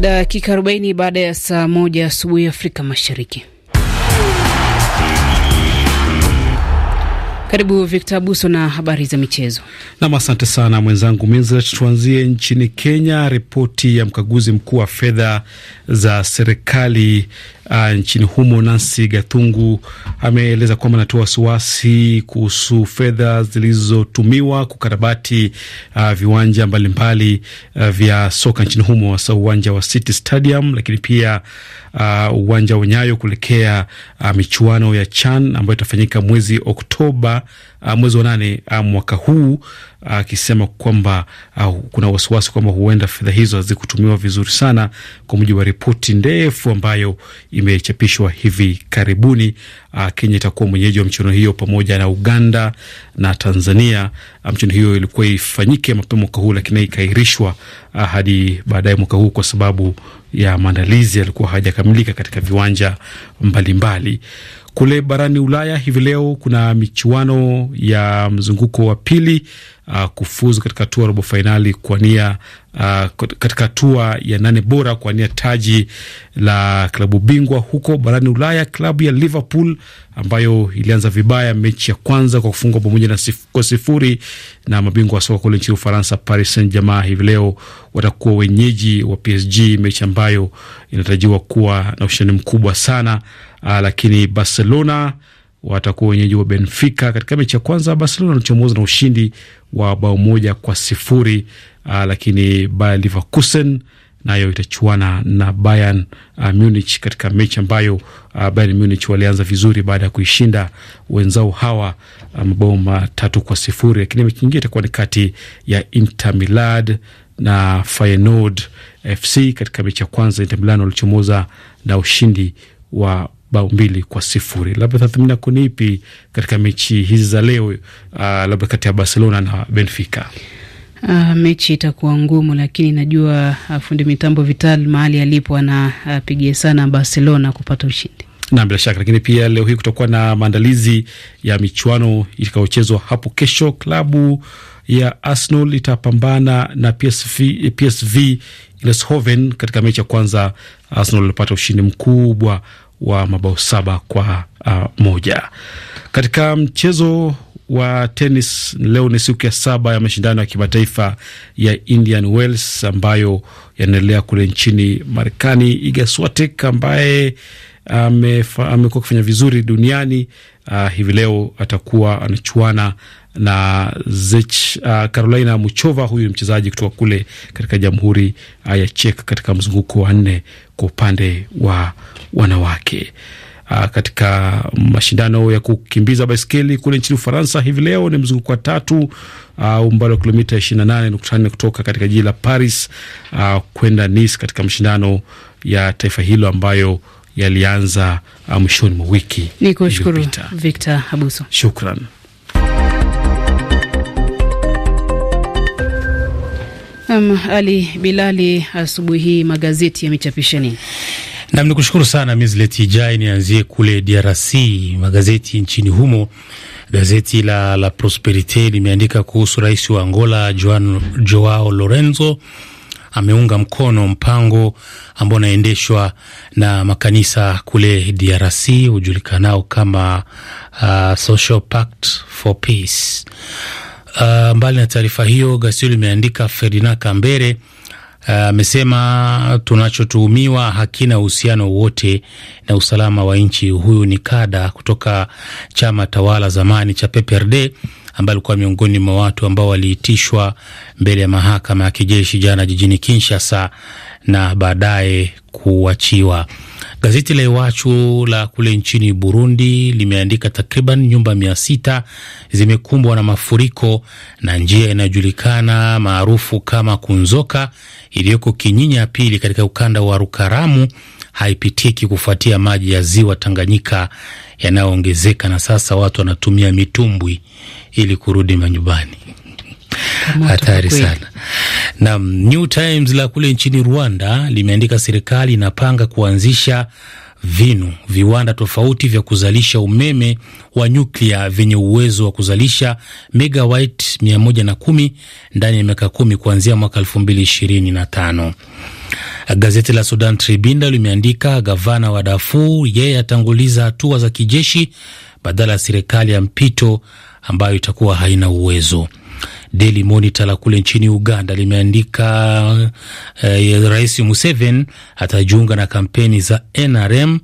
Dakika 40 baada ya saa moja asubuhi Afrika Mashariki. Karibu Victor Buso na habari za michezo. Nam, asante sana mwenzangu Tuanzie nchini Kenya. Ripoti ya mkaguzi mkuu wa fedha za serikali uh, nchini humo Nancy Gathungu ameeleza kwamba anatoa wasiwasi kuhusu fedha zilizotumiwa kukarabati uh, viwanja mbalimbali uh, vya soka nchini humo hasa uwanja wa City Stadium, lakini pia Uh, uwanja uh, wa Nyayo kuelekea uh, michuano ya CHAN ambayo itafanyika mwezi Oktoba uh, mwezi wa nane uh, mwaka huu uh, akisema uh, kwamba uh, kuna wasiwasi kwamba huenda fedha hizo hazikutumiwa vizuri sana, kwa mujibu wa ripoti ndefu ambayo imechapishwa hivi karibuni. Uh, Kenya itakuwa mwenyeji wa mchuano hiyo pamoja na Uganda na Tanzania. Uh, mchuano hiyo ilikuwa ifanyike mapema mwaka huu, lakini ikaahirishwa uh, hadi baadaye mwaka huu kwa sababu ya maandalizi yalikuwa hajakamilika katika viwanja mbalimbali mbali. Kule barani Ulaya hivi leo kuna michuano ya mzunguko wa pili uh, kufuzu katika hatua robo fainali kwa nia uh, katika hatua ya nane bora kuania taji la klabu bingwa huko barani Ulaya. Klabu ya Liverpool ambayo ilianza vibaya mechi ya kwanza kwa kufungwa bao moja kwa sifuri na mabingwa wa soka kule nchini Ufaransa, Paris Saint Germain, hivi leo watakuwa wenyeji wa PSG, mechi ambayo inatarajiwa kuwa na ushindani mkubwa sana uh, lakini Barcelona watakuwa wenyeji wa Benfica katika mechi ya kwanza. Barcelona walichomoza na ushindi wa bao moja kwa sifuri. Uh, lakini Bayer Leverkusen nayo itachuana na Bayern uh, Munich katika mechi ambayo uh, Bayern Munich walianza vizuri baada ya kuishinda wenzao hawa mabao um, matatu kwa sifuri, lakini mechi nyingine itakuwa ni kati ya Inter Milad na Feyenoord FC. Katika mechi ya kwanza Inter Milan walichomoza na ushindi wa bao mbili kwa sifuri. Labda tathmini yako ni ipi katika mechi hizi za leo, uh, labda kati ya Barcelona na Benfica? Uh, mechi itakuwa ngumu, lakini najua uh, fundi mitambo Vital mahali alipo anapigia uh, sana Barcelona kupata ushindi na bila shaka lakini pia leo hii kutakuwa na maandalizi ya michuano itakayochezwa hapo kesho. Klabu ya Arsenal itapambana na PSV, PSV Eindhoven katika mechi ya kwanza. Arsenal ilipata ushindi mkubwa wa mabao saba kwa uh, moja. Katika mchezo wa tenis leo ni siku ya saba ya mashindano ya kimataifa ya Indian Wells ambayo yanaendelea kule nchini Marekani. Iga Swiatek ambaye amekuwa akifanya vizuri duniani uh, hivi leo atakuwa anachuana na Zech, uh, Carolina Muchova, huyu ni mchezaji kutoka kule katika Jamhuri uh, ya Czech katika mzunguko wa nne kwa upande wa wanawake. Uh, katika mashindano ya kukimbiza baiskeli kule nchini Ufaransa hivi leo ni mzunguko wa tatu, uh, umbali wa kilomita 28.4 kutoka katika jiji la Paris uh, kwenda Nice katika mashindano ya taifa hilo ambayo yalianza uh, mwishoni mwa wiki. Nikushukuru Victor Abuso, shukran. Um, Ali Bilali, asubuhi hii magazeti yamechapisha nini? Nam, ni kushukuru sana Mislet Ijai. Nianzie kule DRC, magazeti nchini humo. Gazeti la La Prosperite limeandika kuhusu rais wa Angola Joan, Joao Lorenzo ameunga mkono mpango ambao unaendeshwa na makanisa kule DRC hujulikanao kama uh, Social Pact for Peace. Uh, mbali na taarifa hiyo gazeti limeandika Ferdinand Kambere uh, amesema uh, tunachotuhumiwa hakina uhusiano wote na usalama wa nchi. Huyu ni kada kutoka chama tawala zamani cha PPRD ambaye alikuwa miongoni mwa watu ambao waliitishwa mbele ya mahakama ya kijeshi jana jijini Kinshasa na baadaye kuachiwa. Gazeti la Iwachu la kule nchini Burundi limeandika takriban nyumba mia sita zimekumbwa na mafuriko na njia inayojulikana maarufu kama Kunzoka iliyoko Kinyinya pili katika ukanda wa Rukaramu haipitiki kufuatia maji ya ziwa Tanganyika yanayoongezeka, na sasa watu wanatumia mitumbwi ili kurudi manyumbani hatari sana. Naam, New Times la kule nchini Rwanda limeandika serikali inapanga kuanzisha vinu viwanda tofauti vya kuzalisha umeme wa nyuklia vyenye uwezo wa kuzalisha megawati 110 ndani ya miaka kumi kuanzia mwaka 2025. Gazeti la Sudan Tribune limeandika gavana wa Darfur yeye atanguliza hatua za kijeshi badala ya serikali ya mpito ambayo itakuwa haina uwezo. Daily Monitor la kule nchini Uganda limeandika eh, Rais Museveni atajiunga na kampeni za NRM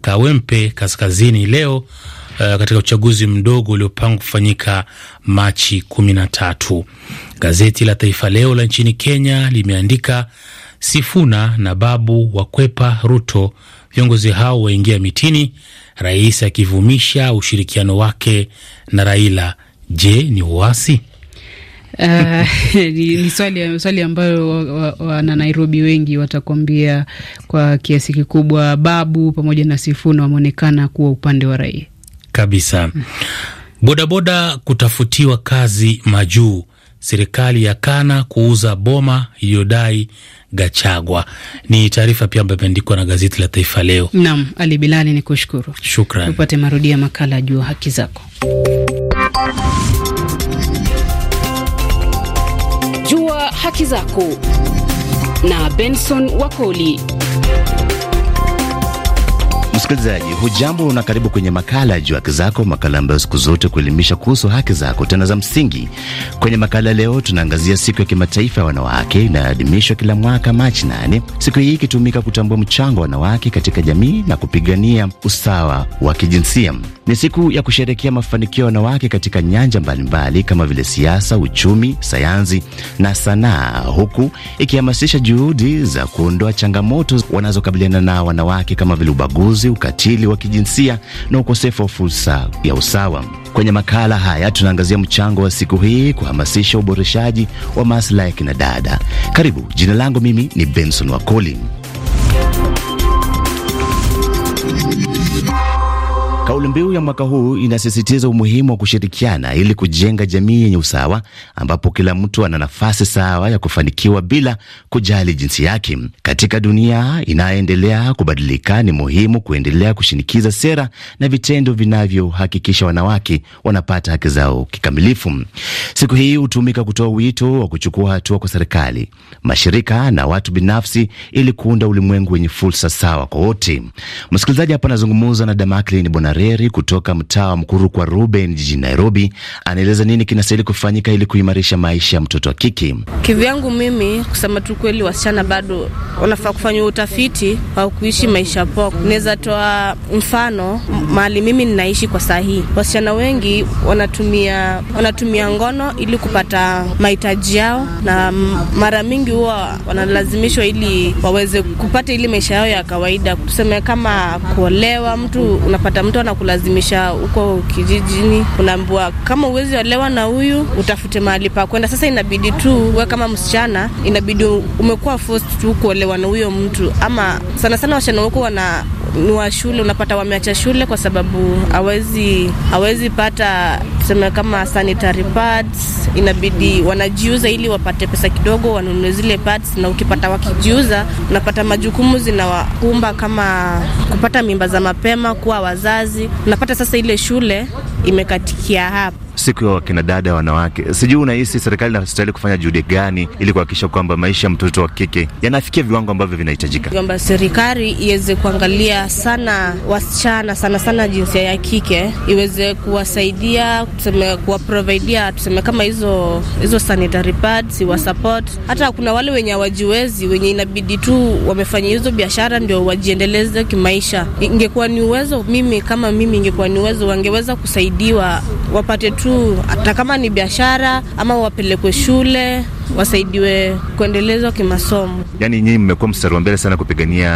Kawempe kaskazini leo Uh, katika uchaguzi mdogo uliopangwa kufanyika Machi kumi na tatu. Gazeti la Taifa Leo la nchini Kenya limeandika Sifuna na Babu wakwepa Ruto, viongozi hao waingia mitini, rais akivumisha ushirikiano wake na Raila. Je, ni uasi? Eh, ni, ni swali, swali ambayo wana Nairobi wengi watakwambia kwa kiasi kikubwa Babu pamoja na Sifuna wameonekana kuwa upande wa raia kabisa. Bodaboda kutafutiwa kazi majuu, serikali ya kana kuuza boma iliyodai Gachagwa. Ni taarifa pia ambayo imeandikwa na gazeti la Taifa Leo. Naam, Ali Bilali, ni kushukuru. Shukran. Upate marudia makala juu haki zako haki zako na Benson Wakoli. Msikilizaji hujambo na karibu kwenye makala ya juu Haki Zako, makala ambayo siku zote kuelimisha kuhusu haki zako tena za msingi. Kwenye makala leo, tunaangazia siku ya kimataifa ya wanawake inayoadhimishwa kila mwaka Machi nane, siku hii ikitumika kutambua mchango wa wanawake katika jamii na kupigania usawa wa kijinsia. Ni siku ya kusherekea mafanikio ya wanawake katika nyanja mbalimbali kama vile siasa, uchumi, sayansi na sanaa, huku ikihamasisha juhudi za kuondoa changamoto wanazokabiliana nao wanawake kama vile ubaguzi ubaguzi, ukatili wa kijinsia na ukosefu wa fursa ya usawa. Kwenye makala haya tunaangazia mchango wa siku hii kuhamasisha uboreshaji wa maslahi ya kinadada. Karibu. Jina langu mimi ni Benson Wakoli. Kauli mbiu ya mwaka huu inasisitiza umuhimu wa kushirikiana ili kujenga jamii yenye usawa ambapo kila mtu ana nafasi sawa ya kufanikiwa bila kujali jinsi yake. Katika dunia inayoendelea kubadilika, ni muhimu kuendelea kushinikiza sera na vitendo vinavyohakikisha wanawake wanapata haki zao kikamilifu. Siku hii hutumika kutoa wito wa kuchukua hatua kwa serikali, mashirika na watu binafsi ili kuunda ulimwengu wenye fursa sawa kwa wote. Msikilizaji, hapa anazungumza na Damaklin Bonare Wanderi kutoka mtaa wa Mkuru kwa Ruben jijini Nairobi anaeleza nini kinastahili kufanyika ili kuimarisha maisha ya mtoto wa kike. Kivyangu mimi kusema tu kweli, wasichana bado wanafaa kufanya utafiti wa kuishi maisha poa. Naweza toa mfano mahali mimi ninaishi kwa sahihi, wasichana wengi wanatumia, wanatumia ngono ili kupata mahitaji yao, na mara mingi huwa wanalazimishwa ili waweze kupata ili maisha yao ya kawaida, tuseme kama kuolewa, mtu unapata mtu ana kulazimisha huko kijijini, kunaambua kama uwezi olewa na huyu utafute mahali pa kwenda. Sasa inabidi tu we kama msichana, inabidi umekuwa forced tu kuolewa na huyo mtu, ama sana sana wasichana wako wana ni wa shule, unapata wameacha shule kwa sababu hawezi hawezi pata tuseme kama sanitary pads, inabidi wanajiuza ili wapate pesa kidogo wanunue zile pads, na ukipata wakijiuza, unapata majukumu zinawakumba kama kupata mimba za mapema, kuwa wazazi, unapata sasa ile shule imekatikia hapa siku ya wakina dada wanawake. Sijui unahisi serikali inastahili kufanya juhudi gani ili kuhakikisha kwamba maisha ya mtoto wa kike yanafikia viwango ambavyo vinahitajika, kwamba serikali iweze kuangalia sana wasichana, sana sana jinsia ya kike, iweze kuwasaidia tuseme, kuwaprovidia tuseme kama hizo hizo sanitary pads, wa support. Hata kuna wale wenye hawajiwezi, wenye inabidi tu wamefanya hizo biashara ndio wajiendeleze kimaisha. Ingekuwa ni uwezo, mimi kama mimi, ingekuwa ni uwezo, wangeweza kusaidiwa wapate tu hata kama ni biashara ama wapelekwe shule wasaidiwe kuendelezwa kimasomo. Yani nyinyi mmekuwa mstari wa mbele sana kupigania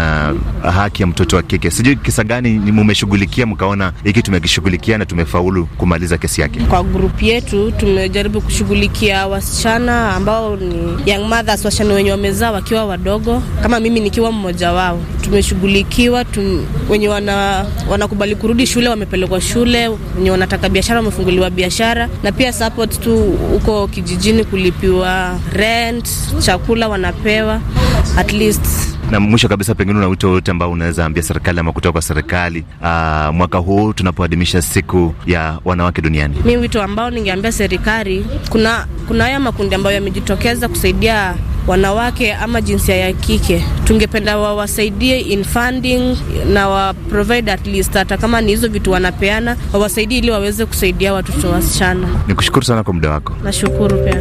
haki ya mtoto wa kike. Sijui kisa gani mumeshughulikia mkaona hiki tumekishughulikia na tumefaulu kumaliza kesi yake? Kwa grupu yetu tumejaribu kushughulikia wasichana ambao ni young mothers, wasichana wenye wamezaa wakiwa wadogo, kama mimi nikiwa mmoja wao. Tumeshughulikiwa tum, wenye wana, wanakubali kurudi shule wamepelekwa shule, wenye wanataka biashara wamefunguliwa biashara, na pia support tu huko kijijini kulipiwa rent, chakula wanapewa at least. Na mwisho kabisa, pengine una wito wote ambao unaweza ambia serikali ama kutoka kwa serikali aa, ah, mwaka huu tunapoadhimisha siku ya wanawake duniani? Mi wito ambao ningeambia serikali, kuna kuna haya makundi ambayo yamejitokeza kusaidia wanawake ama jinsia ya kike, tungependa wawasaidie in funding na wa provide at least, hata kama ni hizo vitu wanapeana, wawasaidie ili waweze kusaidia watoto wasichana. Nikushukuru sana kwa muda wako. Nashukuru pia.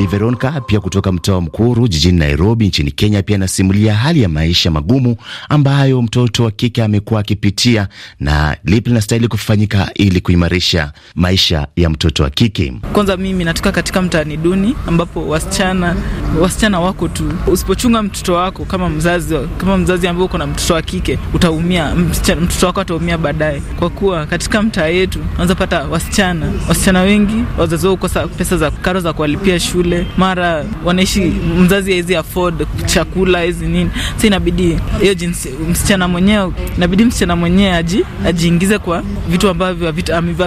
Bi Veronica pia kutoka mtaa wa Mkuru jijini Nairobi nchini Kenya pia anasimulia hali ya maisha magumu ambayo mtoto wa kike amekuwa akipitia na lipi linastahili kufanyika ili kuimarisha maisha ya mtoto wa kike. Kwanza mimi natoka katika mtaani duni ambapo wasichana wasichana wako tu. Usipochunga mtoto wako kama mzazi, kama mzazi ambaye uko na mtoto wa kike utaumia, mtoto wako ataumia baadaye, kwa kuwa katika mtaa yetu unaweza pata wasichana wasichana wengi wazazi wao kukosa pesa za karo za kuwalipia shule shule, mara wanaishi mzazi hawezi afford chakula hizi nini, si inabidi hiyo jinsi msichana mwenyewe, inabidi msichana mwenyewe aji ajiingize kwa vitu ambavyo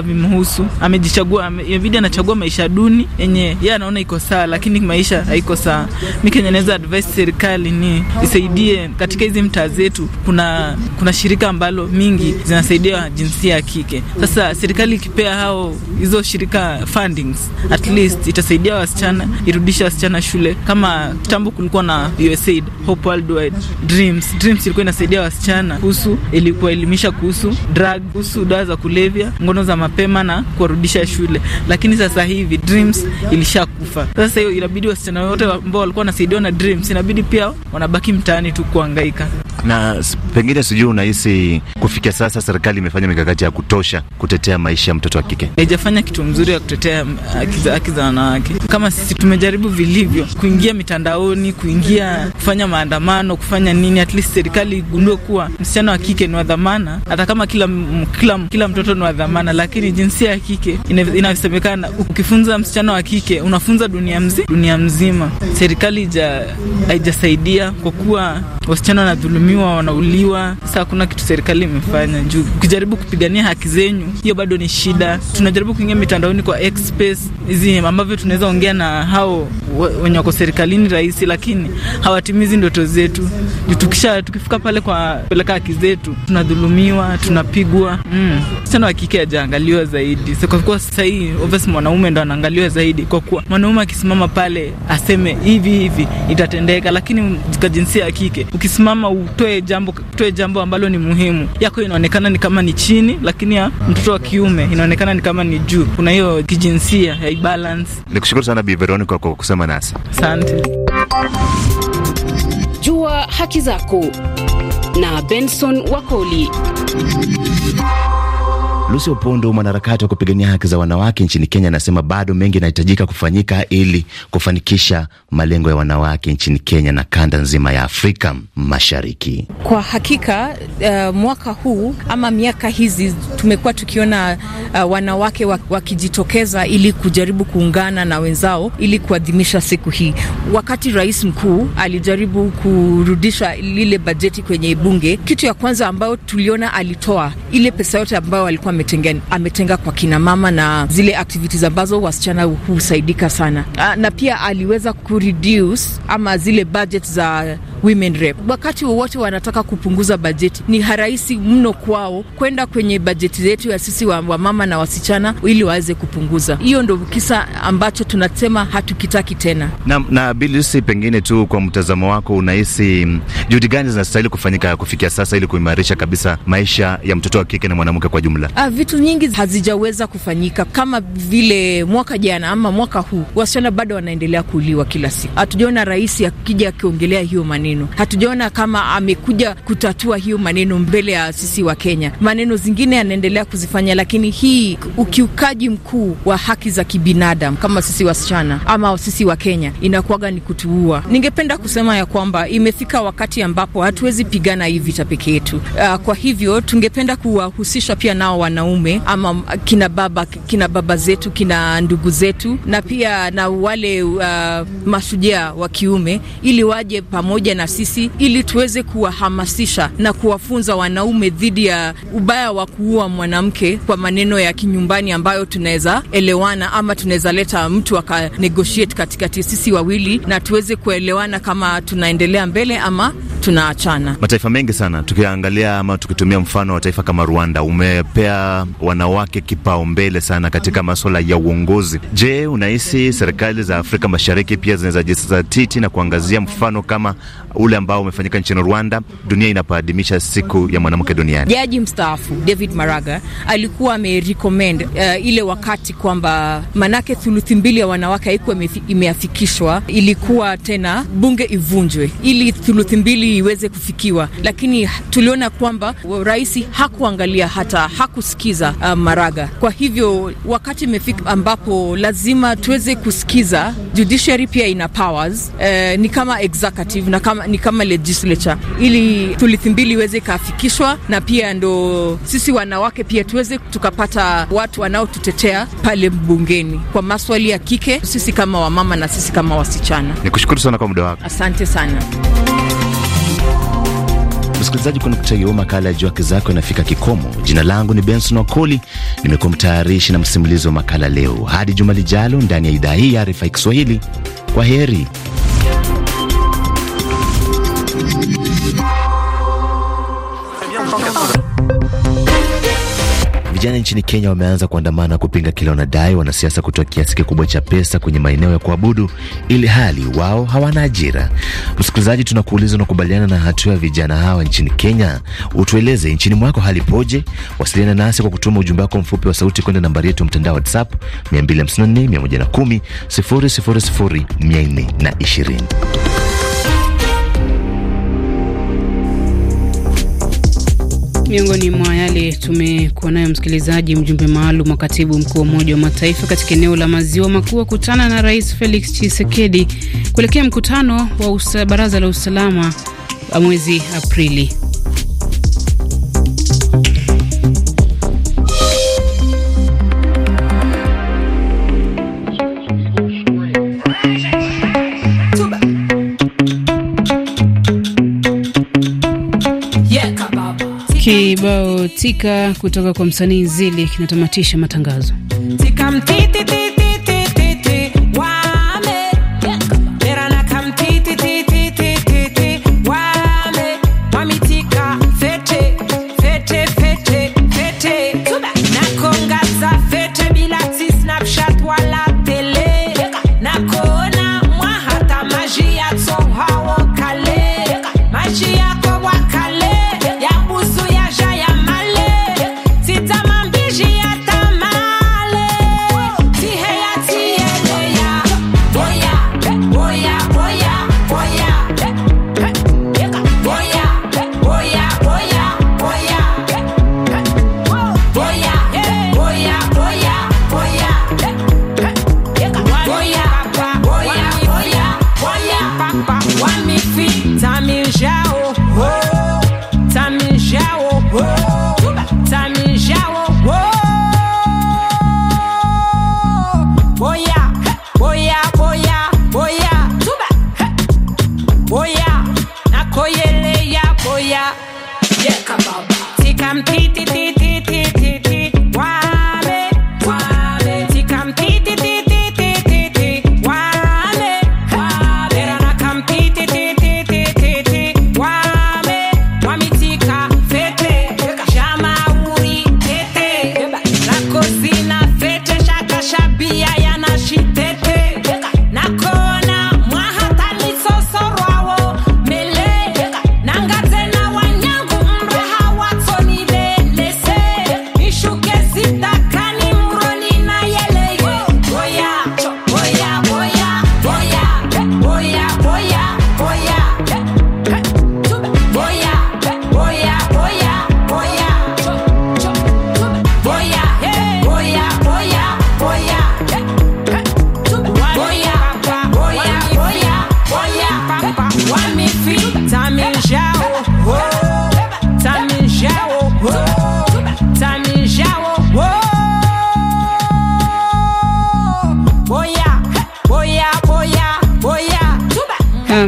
vimhusu, amejichagua, inabidi anachagua maisha duni yenye yeye anaona iko sawa, lakini maisha haiko sawa. Mi kenye naweza advise serikali ni isaidie katika hizi mtaa zetu, kuna kuna shirika ambalo mingi zinasaidia jinsia ya kike. Sasa serikali ikipea hao hizo shirika fundings, at least itasaidia wasichana irudisha wasichana shule. Kama kitambo kulikuwa na USAID, Hope Worldwide, Dreams. Dreams ilikuwa inasaidia wasichana kuhusu, ilikuwaelimisha kuhusu drug, kuhusu dawa za kulevya, ngono za mapema na kuwarudisha shule, lakini sasa hivi Dreams ilishakufa. Sasa hiyo inabidi wasichana wote ambao walikuwa wanasaidiwa na Dreams inabidi pia wanabaki mtaani tu kuangaika na pengine sijui unahisi kufikia sasa serikali imefanya mikakati ya kutosha kutetea maisha ya mtoto wa kike? Haijafanya kitu mzuri ya kutetea haki za wanawake kama sisi sisi tumejaribu vilivyo kuingia mitandaoni, kuingia kufanya maandamano, kufanya nini, at least serikali igundue kuwa msichana wa kike ni wa dhamana, hata kama kila, kila, kila mtoto ni wa dhamana, lakini jinsia ya kike inavyosemekana, ukifunza msichana wa kike unafunza dunia mzima, dunia mzima. Serikali haijasaidia kwa kuwa wasichana wanadhulumiwa, wanauliwa. Sasa hakuna kitu serikali imefanya juu ukijaribu kupigania haki zenyu, hiyo bado ni shida. Tunajaribu kuingia mitandaoni kwa X space hizi ambavyo tunaweza ongea na how wenye wako serikalini rais, lakini hawatimizi ndoto zetu. Tukisha tukifika pale kwa kupeleka haki zetu, tunadhulumiwa, tunapigwa. Mm. Msichana mm. wa kike ajaangaliwa zaidi, so, kwa kuwa sasa hii obviously mwanaume ndo anaangaliwa zaidi, kwa kuwa mwanaume akisimama pale aseme hivi hivi itatendeka, lakini kwa jinsia ya kike ukisimama utoe jambo, utoe jambo ambalo ni muhimu, yako inaonekana ni kama ni chini, lakini ya mtoto wa kiume inaonekana ni kama ni juu. Kuna hiyo kijinsia haibalance. Nikushukuru sana Bi Veronica kwa kusema Manasa. Asante. Jua haki zako na Benson Wakoli. Lucy Opondo, mwanaharakati wa kupigania haki za wanawake nchini Kenya, anasema bado mengi yanahitajika kufanyika ili kufanikisha malengo ya wanawake nchini Kenya na kanda nzima ya Afrika Mashariki. Kwa hakika, uh, mwaka huu ama miaka hizi tumekuwa tukiona uh, wanawake wakijitokeza ili kujaribu kuungana na wenzao ili kuadhimisha siku hii. Wakati rais mkuu alijaribu kurudisha lile bajeti kwenye bunge, kitu ya kwanza ambayo tuliona alitoa ile pesa yote ambayo alikuwa ametenga, ametenga kwa kinamama na zile activities ambazo wasichana husaidika sana a, ah, na pia aliweza kureduce ama zile budget za women rep. Wakati wowote wanataka kupunguza bajeti, ni harahisi mno kwao kwenda kwenye bajeti yetu ya sisi wa wa na wasichana ili waweze kupunguza. Hiyo ndo kisa ambacho tunasema hatukitaki tena. Na, na Bilisi, pengine tu kwa mtazamo wako, unahisi mm, juhudi gani zinastahili kufanyika kufikia sasa ili kuimarisha kabisa maisha ya mtoto wa kike na mwanamke kwa jumla? Ah, vitu nyingi hazijaweza kufanyika kama vile mwaka jana ama mwaka huu, wasichana bado wanaendelea kuuliwa kila siku. Hatujaona rais akija akiongelea hiyo maneno, hatujaona kama amekuja kutatua hiyo maneno mbele ya sisi wa Kenya. Maneno zingine anaendelea kuzifanya, lakini hii ukiukaji mkuu wa haki za kibinadamu kama sisi wasichana ama sisi wa Kenya inakuwaga ni kutuua. Ningependa kusema ya kwamba imefika wakati ambapo hatuwezi pigana hii vita peke yetu. Uh, kwa hivyo tungependa kuwahusisha pia nao wana wanaume ama kina baba, kina baba zetu, kina ndugu zetu, na pia na wale uh, mashujaa wa kiume, ili waje pamoja na sisi, ili tuweze kuwahamasisha na kuwafunza wanaume dhidi ya ubaya wa kuua mwanamke kwa maneno ya kinyumbani ambayo tunaweza elewana ama tunaweza leta mtu aka negotiate katikati sisi wawili na tuweze kuelewana kama tunaendelea mbele ama tunaachana. Mataifa mengi sana tukiangalia ama tukitumia mfano wa taifa kama Rwanda, umepea wanawake kipaumbele sana katika masuala ya uongozi. Je, unahisi serikali za Afrika Mashariki pia zinaweza jizatiti na kuangazia mfano kama ule ambao umefanyika nchini Rwanda, dunia inapoadhimisha siku ya mwanamke duniani? Jaji mstaafu David Maraga alikuwa amerecommend uh, ile wakati kwamba manake thuluthi mbili ya wanawake haikuwa imeafikishwa, ilikuwa tena bunge ivunjwe ili thuluthi mbili iweze kufikiwa, lakini tuliona kwamba uh, rais hakuangalia hata hakus kusikiza uh, Maraga. Kwa hivyo wakati imefika ambapo lazima tuweze kusikiza. Judiciary pia ina powers eh, ni kama executive na kama, ni kama legislature, ili thuluthi mbili iweze ikafikishwa, na pia ndo sisi wanawake pia tuweze tukapata watu wanaotutetea pale bungeni kwa maswali ya kike, sisi kama wamama na sisi kama wasichana. Nikushukuru sana kwa muda wako, asante sana. Msikilizaji, kwa nukta hiyo, makala ya Jua Haki Zako inafika kikomo. Jina langu ni Benson Wakoli, nimekuwa mtayarishi na msimulizi wa makala leo. Hadi juma lijalo ndani ya idhaa hii ya RFI Kiswahili, kwa heri. Vijana nchini Kenya wameanza kuandamana kupinga kile wanadai wanasiasa kutoa kiasi kikubwa cha pesa kwenye maeneo ya kuabudu, ili hali wao hawana ajira. Msikilizaji, tunakuuliza, unakubaliana na hatua ya vijana hawa nchini Kenya? Utueleze nchini mwako hali poje? Wasiliana nasi kwa kutuma ujumbe wako mfupi wa sauti kwenda nambari yetu mtandao WhatsApp 254 110 000 420. Miongoni mwa yale tumekuwa nayo, msikilizaji, mjumbe maalum wa katibu mkuu wa Umoja wa Mataifa katika eneo la maziwa makuu akutana na Rais Felix Tshisekedi kuelekea mkutano wa usa, baraza la usalama wa uh, mwezi Aprili. Kibao tika kutoka kwa msanii Zili kinatamatisha matangazo tika mtiti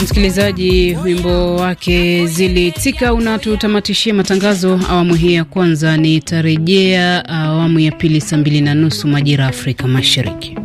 msikilizaji, wimbo wake zilitika unatutamatishia matangazo awamu hii ya kwanza. Nitarejea awamu ya pili saa mbili na nusu majira ya Afrika Mashariki.